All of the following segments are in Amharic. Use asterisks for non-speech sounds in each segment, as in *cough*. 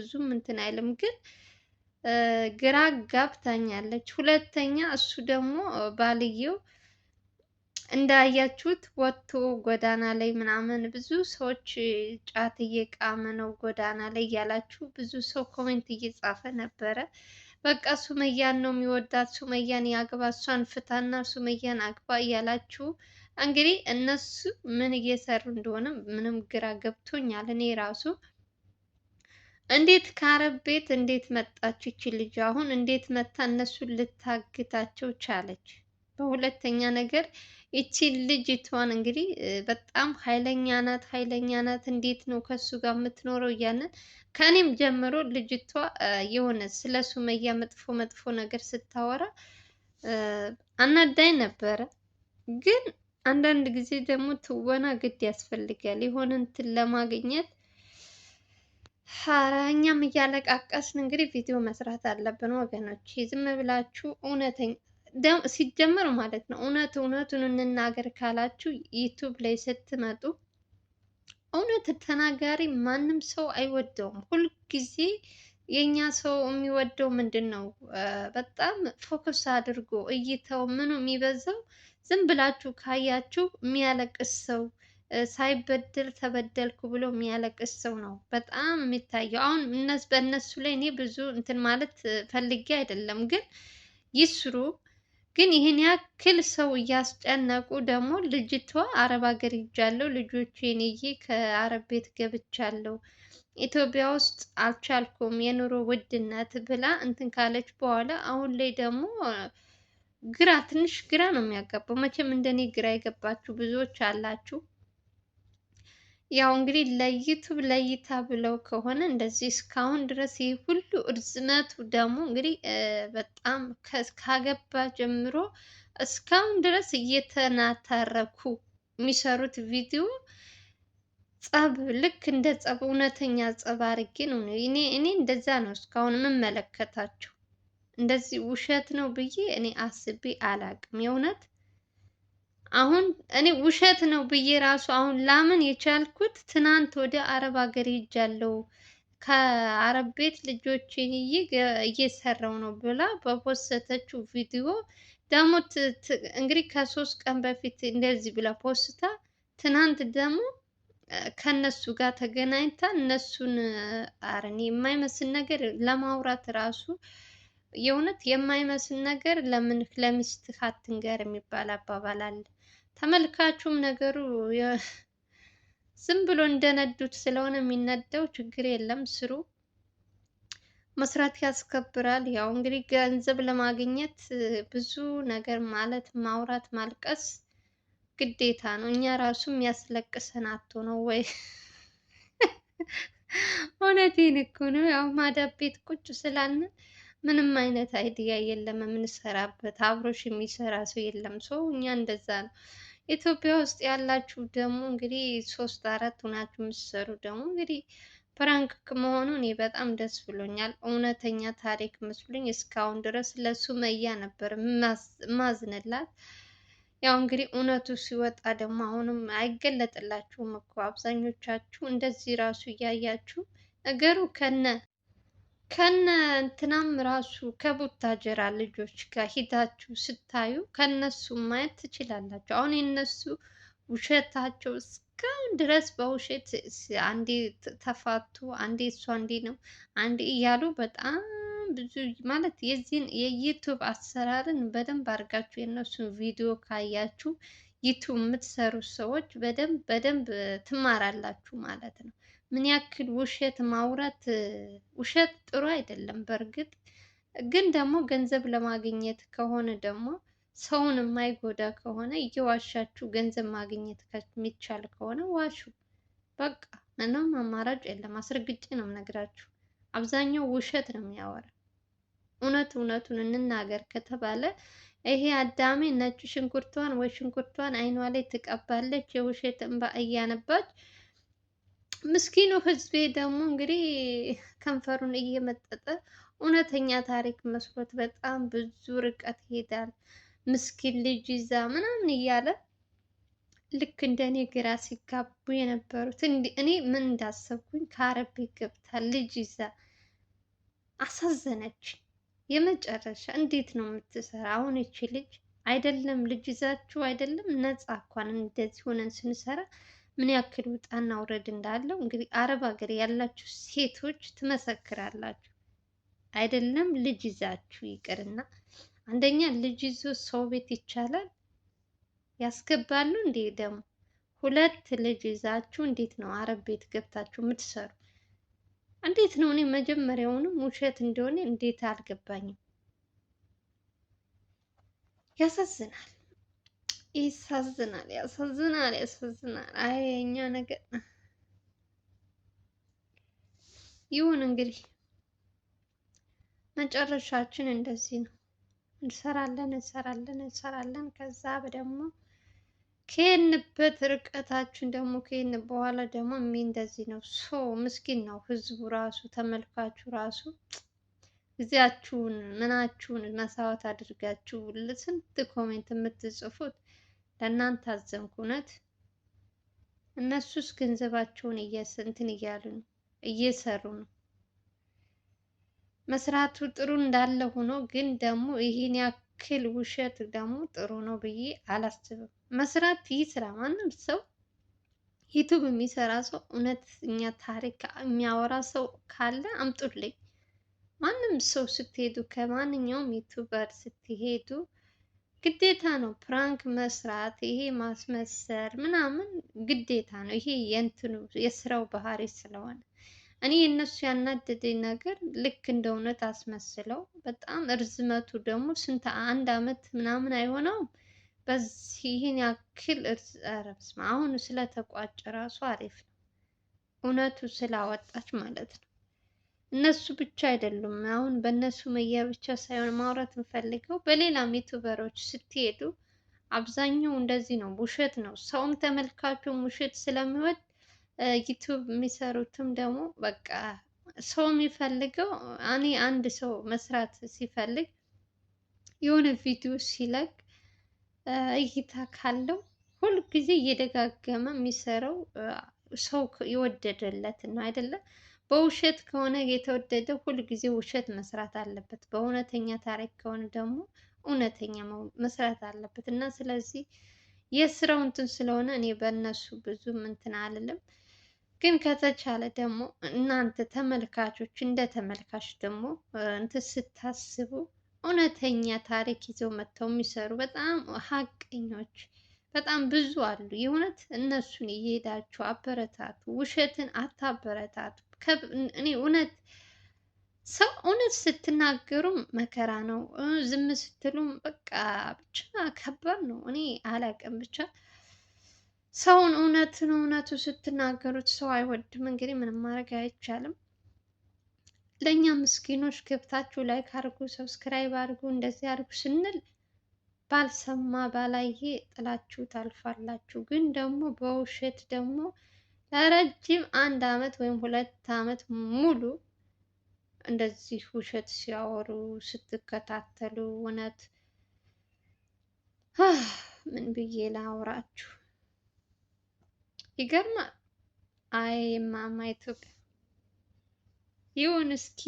ብዙም እንትን አይልም ግን ግራ ጋብታኛለች። ሁለተኛ እሱ ደግሞ ባልየው እንዳያችሁት ወጥቶ ጎዳና ላይ ምናምን ብዙ ሰዎች ጫት እየቃመ ነው ጎዳና ላይ እያላችሁ ብዙ ሰው ኮሜንት እየጻፈ ነበረ። በቃ ሱመያን ነው የሚወዳት፣ ሱመያን ያግባ፣ እሷን ፍታና ሱመያን አግባ እያላችሁ እንግዲህ እነሱ ምን እየሰሩ እንደሆነ ምንም ግራ ገብቶኛል እኔ ራሱ እንዴት ከአረብ ቤት እንዴት መጣች ይቺ ልጅ? አሁን እንዴት መታ እነሱን ልታግታቸው ቻለች? በሁለተኛ ነገር ይቺ ልጅቷን እንግዲህ በጣም ኃይለኛ ናት፣ ኃይለኛ ናት። እንዴት ነው ከሱ ጋር የምትኖረው? እያለን ከኔም ጀምሮ ልጅቷ የሆነ ስለ ሱመያ መጥፎ መጥፎ ነገር ስታወራ አናዳኝ ነበረ። ግን አንዳንድ ጊዜ ደግሞ ትወና ግድ ያስፈልጋል። የሆነ እንትን ለማግኘት ሀረ እኛም እያለቃቀስን እንግዲህ ቪዲዮ መስራት አለብን ወገኖች። ዝም ብላችሁ እውነተኛ ሲጀመር ማለት ነው እውነት እውነቱን እንናገር ካላችሁ ዩቱብ ላይ ስትመጡ እውነት ተናጋሪ ማንም ሰው አይወደውም። ሁልጊዜ የእኛ ሰው የሚወደው ምንድን ነው? በጣም ፎከስ አድርጎ እይተው ምኑ የሚበዛው ዝም ብላችሁ ካያችሁ የሚያለቅስ ሰው ሳይበድል ተበደልኩ ብሎ የሚያለቅስ ሰው ነው በጣም የሚታየው። አሁን በእነሱ ላይ እኔ ብዙ እንትን ማለት ፈልጌ አይደለም፣ ግን ይስሩ። ግን ይህን ያክል ሰው እያስጨነቁ ደግሞ ልጅቷ አረብ ሀገር ሂጃለሁ፣ ልጆቹ የኔዬ ከአረብ ቤት ገብቻለሁ፣ ኢትዮጵያ ውስጥ አልቻልኩም፣ የኑሮ ውድነት ብላ እንትን ካለች በኋላ አሁን ላይ ደግሞ ግራ ትንሽ ግራ ነው የሚያጋባው። መቼም እንደኔ ግራ የገባችሁ ብዙዎች አላችሁ። ያው እንግዲህ ለዩቱብ ለይታ ብለው ከሆነ እንደዚህ እስካሁን ድረስ ይህ ሁሉ እርዝመቱ ደግሞ እንግዲህ በጣም ካገባ ጀምሮ እስካሁን ድረስ እየተናታረኩ የሚሰሩት ቪዲዮ ጸብ፣ ልክ እንደ ጸብ እውነተኛ ጸብ አድርጌ ነው እኔ እኔ እንደዛ ነው እስካሁን የምመለከታቸው። እንደዚህ ውሸት ነው ብዬ እኔ አስቤ አላቅም የእውነት አሁን እኔ ውሸት ነው ብዬ ራሱ አሁን ላምን የቻልኩት ትናንት ወደ አረብ ሀገር ሄጃለሁ ከአረብ ቤት ልጆችን እየሰራው ነው ብላ በፖስተችው ቪዲዮ ደግሞ እንግዲህ ከሶስት ቀን በፊት እንደዚህ ብላ ፖስታ፣ ትናንት ደግሞ ከነሱ ጋር ተገናኝታ እነሱን አረን የማይመስል ነገር ለማውራት ራሱ የእውነት የማይመስል ነገር ለምን ለሚስትህ የሚባል አባባል አለ። ተመልካቹም ነገሩ *laughs* ዝም ብሎ እንደነዱት ስለሆነ የሚነደው ችግር የለም ስሩ። መስራት ያስከብራል። ያው እንግዲህ ገንዘብ ለማግኘት ብዙ ነገር ማለት ማውራት፣ ማልቀስ ግዴታ ነው። እኛ ራሱ የሚያስለቅሰን አቶ ነው ወይ? *laughs* እውነቴን እኮ ነው። ያው ማዳብ ቤት ቁጭ ስላልን ምንም አይነት አይዲያ የለም የምንሰራበት፣ አብሮሽ የሚሰራ ሰው የለም። ሰው እኛ እንደዛ ነው። ኢትዮጵያ ውስጥ ያላችሁ ደግሞ እንግዲህ ሶስት አራት ሁናችሁ የምትሰሩ ደግሞ እንግዲህ ፕራንክ መሆኑ እኔ በጣም ደስ ብሎኛል። እውነተኛ ታሪክ መስሎኝ እስካሁን ድረስ ለሱመያ ነበር ማዝንላት። ያው እንግዲህ እውነቱ ሲወጣ ደግሞ አሁንም አይገለጥላችሁም እኮ አብዛኞቻችሁ እንደዚህ ራሱ እያያችሁ ነገሩ ከነ ከነ እንትናም ራሱ ከቡታጀራ ልጆች ጋር ሂዳችሁ ስታዩ ከነሱ ማየት ትችላላችሁ። አሁን የነሱ ውሸታቸው እስካሁን ድረስ በውሸት አንዴ ተፋቱ፣ አንዴ እሷ አንዴ ነው፣ አንዴ እያሉ በጣም ብዙ ማለት የዚህን የዩቱብ አሰራርን በደንብ አድርጋችሁ የእነሱን ቪዲዮ ካያችሁ ዩቱብ የምትሰሩ ሰዎች በደንብ በደንብ ትማራላችሁ ማለት ነው። ምን ያክል ውሸት ማውራት ውሸት ጥሩ አይደለም። በእርግጥ ግን ደግሞ ገንዘብ ለማግኘት ከሆነ ደግሞ ሰውን የማይጎዳ ከሆነ እየዋሻችሁ ገንዘብ ማግኘት የሚቻል ከሆነ ዋሹ። በቃ ምንም አማራጭ የለም። አስረግጬ ነው የምነግራችሁ። አብዛኛው ውሸት ነው የሚያወራ። እውነት እውነቱን እንናገር ከተባለ ይሄ አዳሜ ነጭ ሽንኩርቷን ወይ ሽንኩርቷን አይኗ ላይ ትቀባለች የውሸት እንባ እያነባች ምስኪኑ ህዝቤ ደግሞ እንግዲህ ከንፈሩን እየመጠጠ እውነተኛ ታሪክ መስሎት በጣም ብዙ ርቀት ይሄዳል። ምስኪን ልጅ ይዛ ምናምን እያለ ልክ እንደ እኔ ግራ ሲጋቡ የነበሩት እኔ ምን እንዳሰብኩኝ ከአረቤ ገብታ ልጅ ይዛ አሳዘነች። የመጨረሻ እንዴት ነው የምትሰራ? አሁን ይቺ ልጅ አይደለም ልጅ ይዛችሁ አይደለም ነፃ እንኳን እንደዚህ ሆነን ስንሰራ ምን ያክል ውጣና ውረድ እንዳለው እንግዲህ አረብ ሀገር ያላችሁ ሴቶች ትመሰክራላችሁ። አይደለም ልጅ ይዛችሁ ይቅርና አንደኛ ልጅ ይዞ ሰው ቤት ይቻላል ያስገባሉ እንዴ? ደግሞ ሁለት ልጅ ይዛችሁ እንዴት ነው አረብ ቤት ገብታችሁ የምትሰሩ? እንዴት ነው? እኔ መጀመሪያውንም ውሸት እንደሆነ እንዴት አልገባኝም። ያሳዝናል። ያሳዝናል፣ ያሳዝናል፣ ያሳዝናል። አይ የኛ ነገር ይሁን እንግዲህ መጨረሻችን እንደዚህ ነው። እንሰራለን እንሰራለን እንሰራለን። ከዛ ደግሞ ከሄንበት ርቀታችን ደግሞ ከሄን በኋላ ደግሞ እንደዚህ ነው። ሶ ምስኪን ነው ህዝቡ ራሱ ተመልካቹ ራሱ ጊዜያችሁን ምናችሁን መሳወት አድርጋችሁ ስንት ኮሜንት የምትጽፉት ለእናንተ አዘንኩ እውነት። እነሱስ ገንዘባቸውን እንትን እያሉ ነው እየሰሩ ነው። መስራቱ ጥሩ እንዳለ ሆኖ ግን ደግሞ ይህን ያክል ውሸት ደግሞ ጥሩ ነው ብዬ አላስብም። መስራት ይህ ስራ ማንም ሰው ዩቱብ የሚሰራ ሰው እውነተኛ ታሪክ የሚያወራ ሰው ካለ አምጡልኝ። ማንም ሰው ስትሄዱ ከማንኛውም ዩቱበር ስትሄዱ ግዴታ ነው። ፕራንክ መስራት ይሄ ማስመሰል ምናምን ግዴታ ነው። ይሄ የእንትኑ የስራው ባህሪ ስለሆነ እኔ የእነሱ ያናደደኝ ነገር ልክ እንደ እውነት አስመስለው በጣም እርዝመቱ ደግሞ ስንት አንድ አመት ምናምን አይሆነውም። በዚህ ይህን ያክል እርዝመት አሁን ስለተቋጨ ራሱ አሪፍ ነው እውነቱ ስላወጣች ማለት ነው። እነሱ ብቻ አይደሉም። አሁን በእነሱ መያ ብቻ ሳይሆን ማውራት እንፈልገው በሌላም ዩቱበሮች ስትሄዱ አብዛኛው እንደዚህ ነው፣ ውሸት ነው። ሰውም ተመልካቹም ውሸት ስለሚወድ ዩቱብ የሚሰሩትም ደግሞ በቃ ሰው የሚፈልገው እኔ አንድ ሰው መስራት ሲፈልግ የሆነ ቪዲዮ ሲለቅ እይታ ካለው ሁል ጊዜ እየደጋገመ የሚሰራው ሰው የወደደለት ነው አይደለም። በውሸት ከሆነ የተወደደ ሁል ጊዜ ውሸት መስራት አለበት። በእውነተኛ ታሪክ ከሆነ ደግሞ እውነተኛ መስራት አለበት እና ስለዚህ የስራው እንትን ስለሆነ እኔ በእነሱ ብዙ እንትን አልልም። ግን ከተቻለ ደግሞ እናንተ ተመልካቾች እንደ ተመልካች ደግሞ እንትን ስታስቡ እውነተኛ ታሪክ ይዘው መጥተው የሚሰሩ በጣም ሀቀኞች በጣም ብዙ አሉ። የእውነት እነሱን እየሄዳችሁ አበረታቱ። ውሸትን አታበረታቱ። እኔ እውነት ሰው እውነት ስትናገሩም መከራ ነው፣ ዝም ስትሉም በቃ ብቻ ከባድ ነው። እኔ አላውቅም ብቻ ሰውን እውነትን እውነቱ ስትናገሩት ሰው አይወድም። እንግዲህ ምንም ማድረግ አይቻልም። ለእኛ ምስኪኖች ገብታችሁ ላይክ አድርጉ፣ ሰብስክራይብ አድርጉ፣ እንደዚህ አድርጉ ስንል ባልሰማ ባላየ ጥላችሁ ታልፋላችሁ። ግን ደግሞ በውሸት ደግሞ ለረጅም አንድ አመት ወይም ሁለት አመት ሙሉ እንደዚህ ውሸት ሲያወሩ ስትከታተሉ እውነት ምን ብዬ ላውራችሁ? ይገርማል። አይ ማማ ኢትዮጵያ ይሁን እስኪ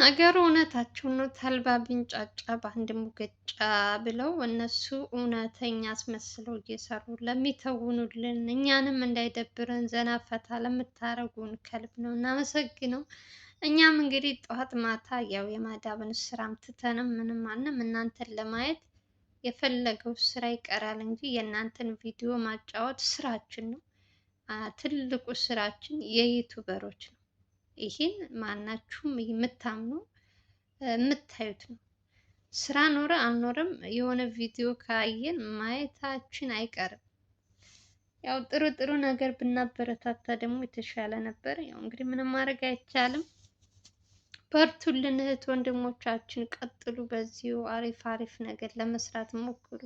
ነገሩ እውነታቸውን ነው። ተልባ ቢንጫጫ በአንድ ሙገጫ ብለው እነሱ እውነተኛ አስመስለው እየሰሩ ለሚተውኑልን እኛንም እንዳይደብረን ዘና ፈታ ለምታደርጉን ከልብ ነው እናመሰግነው። እኛም እንግዲህ ጠዋት ማታ ያው የማዳብን ስራም ትተንም ምንም አንም እናንተን ለማየት የፈለገው ስራ ይቀራል እንጂ የእናንተን ቪዲዮ ማጫወት ስራችን ነው። ትልቁ ስራችን የዩቱበሮች ነው። ይሄን ማናችሁም የምታምኑ የምታዩት ነው። ስራ ኖረ አልኖረም የሆነ ቪዲዮ ካየን ማየታችን አይቀርም። ያው ጥሩ ጥሩ ነገር ብናበረታታ ደግሞ የተሻለ ነበር። ያው እንግዲህ ምንም ማድረግ አይቻልም። በርቱልን እህት ወንድሞቻችን፣ ቀጥሉ። በዚሁ አሪፍ አሪፍ ነገር ለመስራት ሞክሩ።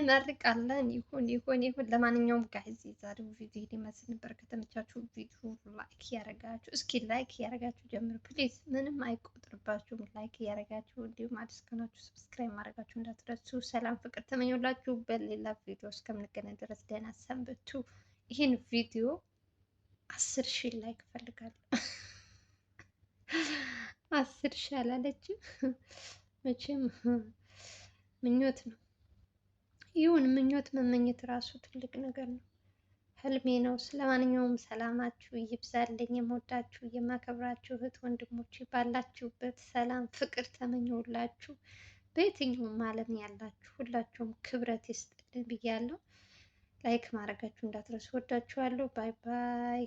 እንመርቃለን። ይሁን ይሁን ይሁን። ለማንኛውም ጋይዝ የዛሬው ቪዲዮ ሊመስል ነበር። ከተመቻችሁ ቪዲዮ ላይክ እያደረጋችሁ እስኪ ላይክ እያደረጋችሁ ጀምሩ ፕሊዝ፣ ምንም አይቆጥርባችሁም። ላይክ እያደረጋችሁ እንዲሁም አዲስ ከሆናችሁ ሰብስክራይብ ማድረጋችሁ እንዳትረሱ። ሰላም ፍቅር ተመኞላችሁ። በሌላ ቪዲዮ እስከምንገናኝ ድረስ ደህና ሰንብቱ። ይህን ቪዲዮ አስር ሺህ ላይክ እፈልጋለሁ። *laughs* አስር ሺህ አላለችም መቼም ምኞት ነው። ይሁን ምኞት መመኘት ራሱ ትልቅ ነገር ነው። ህልሜ ነው። ስለማንኛውም ሰላማችሁ ይብዛልኝ። የምወዳችሁ የማከብራችሁ እህት ወንድሞች ባላችሁበት ሰላም፣ ፍቅር ተመኘሁላችሁ። በየትኛውም ዓለም ያላችሁ ሁላችሁም ክብረት ይስጥልኝ ብያለሁ። ላይክ ማድረጋችሁ እንዳትረሱ። ወዳችኋለሁ። ባይ ባይ።